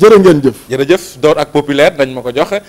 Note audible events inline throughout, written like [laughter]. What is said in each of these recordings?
jërë ngeen jëf. jërëjëf door ak populaire dañ ma ko joxe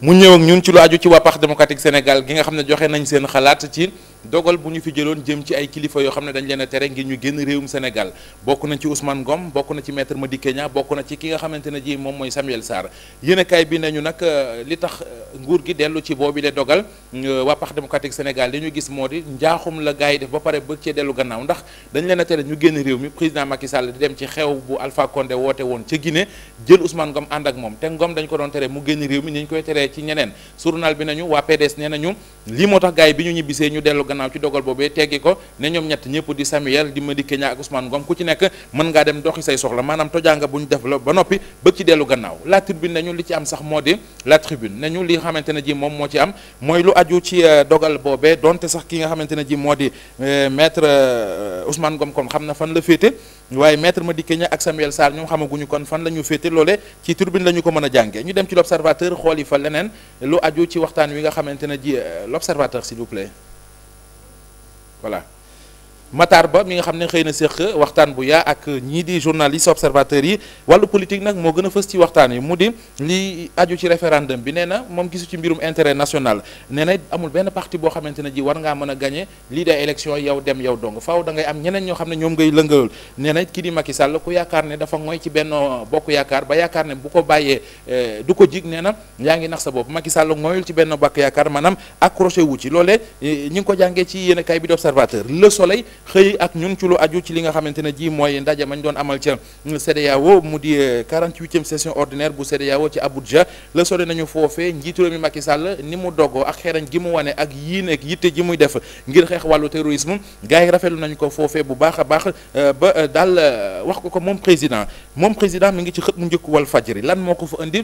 mu ñëw ñun ci lu aju ci waa Parti démocratique Sénégal gi nga xam ne joxe nañ seen xalaat ci. dogal bu ñu fi jëloon jëm ci ay kilifa yoo xam ne dañ leen a tere ngir ñu génn réewum Sénégal bokk na ci Ousmane Ngom bokk na ci maître Madické Niang bokk na ki nga xamante ne ji moom mooy Samuel Sarr yéenekaay bi nañu nag euh, li tax euh, nguur gi dellu ci boobi le dogal euh, waa Parti démocratique Sénégal li ñu gis moo di njaaxum la gars yi def ba pare bëgg cee dellu gannaaw ndax dañ leen a tere ñu génn réew mi président Macky Sall di dem ci xew bu Alpha Condé woote woon ca Guinée jël Ousmane Ngom ànd ak moom te Ngom dañ ko doon tere mu génn réew mi ni ñu koy teree ci ñeneen journal bi nañu waa PDS nee nañu lii moo tax gars yi bi ñu ñibbisee ñu dellu gannaaw ci dogal boobee teggi ko ne ñoom ñett ñëpp di Samuel di Madické Niang ak Ousmane Ngom ku ci nekk mën ngaa dem doxi say soxla maanaam tojaanga bu ñu def la ba noppi bëgg ci dellu gannaaw la tribune nañu li ci am sax moo di la tribune nañu li xamante ne ji moom moo ci am mooy lu aju ci euh, dogal boobee donte sax ki nga xamante ne ji moo di euh, maître euh, Ousmane Ngom kon xam na fan la féete waaye ma di Niang ak Samuel Sarr ñoom xamaguñu kon fan la ñu féete loole ci tribune la ñu ko mën a jànge ñu dem ci l'observateur xool yi fa leneen lu aju ci waxtaan wi nga xamante ne ji l'observateur s'il vous plaît voilà Matar Ba mi nga xam ne xëy na séq waxtaan bu yaa ak ñii di journalistes observateurs yi wàllu politique nag moo gën a fës ci waxtaan yi mu di li aju ci référendum bi nee na moom gisu ci mbirum intérêt national nee na amul benn parti boo xamante ne ji war ngaa mën a gañe lii day élection yow dem yow dong faaw da ngay am ñeneen ñoo xam ne ñoom ngay lëngalul nee na kii di Macky Sall ku yaakaar ne dafa ngoy ci benn bokk yaakaar ba yaakaar ne bu ko bàyyee eh, du ko jig nee na yaa ngi nax sa bopp Macky Sall ngoyul ci benn bokk yaakaar maanaam accroché wu ci loolee eh, ngi ko jàngee ci yéenekaay bi d'Observateur Le Soleil xëy ak ñun ci lu aju ci li nga xamante ne jii mooy ndaje mañ doon amal ca CEDEAO mu di 48e euh, session ordinaire bu CEDEAO ci Abuja la sori nañu foofee njiitu réew mi Macky Sall ni mu doggoo ak xeerañ gi mu wane ak yiin ak yitte ji muy def ngir xeex wàllu terrorisme gars yi rafetlu nañ ko foofee bu baax a baax euh, ba euh, daal wax ko ko moom président moom président mu ngi ci xët mu njëkk Walfadjri lan moo ko fa indi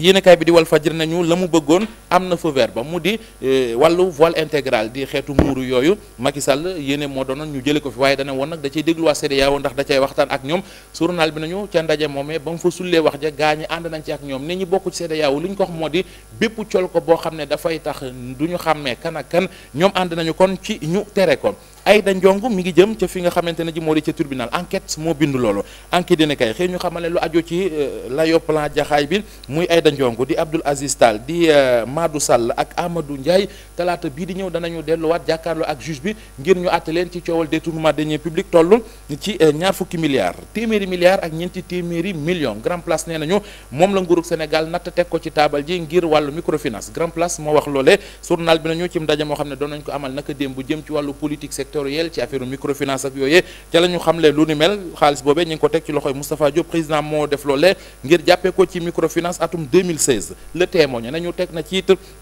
yéenekaay bi di wal fajri nañu la mu bëggoon am na feu vert ba mu di eh, wallu voile intégral di xeetu muuru yooyu Macky Sall yéene moo doonoon ñu jële ko fi waaye dana woon nag da ciy déglu waa CEDEAO ndax da cay waxtaan ak ñoom journal bi nañu ca ndaje moomee ba mu fa sullee wax ja gaa ñi ànd nañ ci ak ñoom ne ñi bokk ci CEDEAO li ko wax moo di bépp col ko boo xam ne dafay tax du ñu xàmmee kan kan ñoom ànd nañu kon ci ñu tere ko Aïda Ndiongue mi ngi jëm ca fi nga xamante ne ji moo di ca tribunal enquête moo bind loolu enquête dina kay xëy ñu xamal ne lu ajo ci euh, layo jaxaay bi muy Aïda Ndiongue di Abdoul Aziz Tall di euh, maadu sàll ak Amadou Ndiaye talaata bii di ñëw danañu delluwaat jàkkaarloo ak juge bi ngir ñu àtte leen ci coowal détournement deniers publics toll ci euh, ñaar fukki milliards téeméeri milliards ak ñeenti téeméeri millions Grand Place nee nañu moom la nguurug Sénégal natt teg ko ci taabal ji ngir wàll microfinance Grand Place moo wax loolee journal bi nañu ci ndaje moo xam ne doon nañ ko amal naka démb bu jëm wàllu politique sectoriel ci affaire microfinance ak yooyee ca la ñu xamle lu ni mel xaalis boobee ñu ngi ko teg ci loxoy Moustapha Diop président moo def loolee ngir jàppee ko ci microfinance atum 2016 le témoigne nañu teg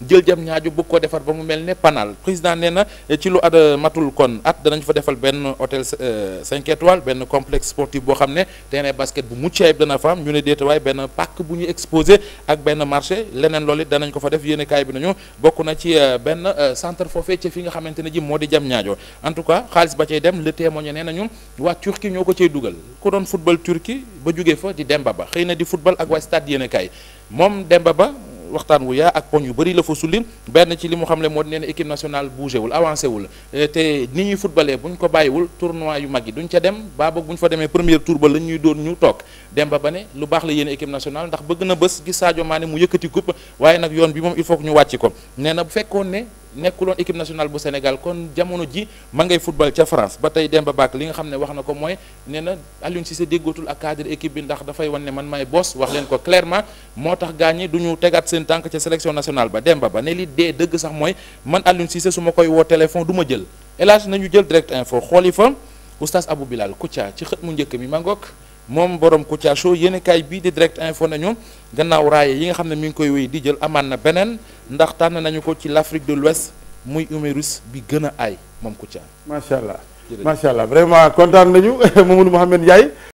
jël jam ñaaju bëgg ko defar ba mu mel ni panal président nee na eh, ci lu ad eh, matul kon at danañ fa defal benn hôtel 5 eh, étoiles benn complexe sportif boo xam ne terrain basket bu mucc ayib dana fa am ñu ne déeta waay benn pàkk bu ñu exposé ak benn marché leneen lool it danañ ko fa def yéene bi nañu bokk na ci benn centre foofee ci fi nga xamante ne ji moo di jam ñaajo tout cas xaalis ba cay dem le témoigné nee nañu waa Turquie ñoo ko cay dugal ku doon football Turquie ba jugee fa di Demba Ba xëy na di football ak waa stade yéen a kaay moom Demba Ba waxtaan wu yaa ak poñ yu bëri la fa sulli benn ci li mu xam le moo di ne équipe nationale bougé wul avancé wul euh, ni ñuy footballé bu ñu ko bàyyiwul tournoi yu mag yi duñ ca dem ba boog bu ñu fa demee premier tour ba la ñuy doon ñu toog dem ba ba ne lu baax la yéen équipe nationale ndax bëgg na bés gis Sadio Mané mu yëkkati coupe waaye nag yoon bi moom il ñu wàcc ko nekkuloon équipe nationale bu Sénégal kon jamono ji ma ngay football ca France ba tey Demba Bak li nga xam ne wax na ko mooy nee na Aliou Cissé déggootul ak cadre équipe bi ndax dafay wan ne man may boss wax leen ko clairement moo tax gaañi du ñu tegaat seen tànk ca sélection nationale ba Demba ba ne li dee dëgg sax mooy man Aliou Cissé su ma koy woo téléphone du ma jël hélas nañu jël direct info xooli fa oustaz Abou Bilal Koutia ci xët mu njëkk mi ma moom borom Kouthia Show yéenekaay bii di direct info nañu gannaaw raaye yi nga xam ne mu ngi koy wéy di jël amaan na beneen ndax tànn nañu ko ci l'Afrique de l'Ouest muy humoriste bi gën a aay moom Kouthia. macha allah macha allah vraiment kontaan nañu [laughs] Mamadou Mouhamed Ndiaye.